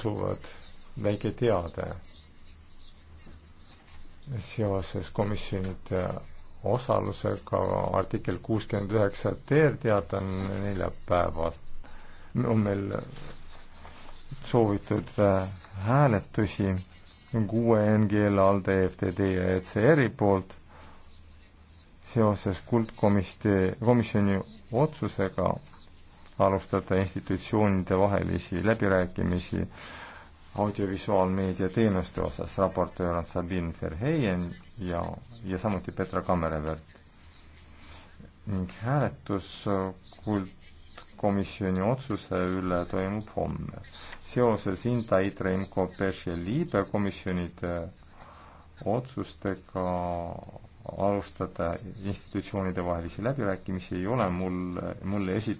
asuvad väike teade seoses komisjonide osalusega artikkel kuuskümmend üheksa teerteade on neljapäeval. on meil soovitud äh, hääletusi kuue NGL, ALDE, FTD ja ECR-i poolt seoses kuldkomisjoni, komisjoni otsusega alustada institutsioonide vahelisi läbirääkimisi audiovisuaalmeedia teenuste osas, raportöör on Sabine Verheyen ja, ja samuti Petra Kammerevert. ning hääletus kuldkomisjoni otsuse üle toimub homme. seoses Inta, Itre, Imko, Peš ja Liibe komisjonide otsustega alustada institutsioonide vahelisi läbirääkimisi ei ole mul, mulle esitatud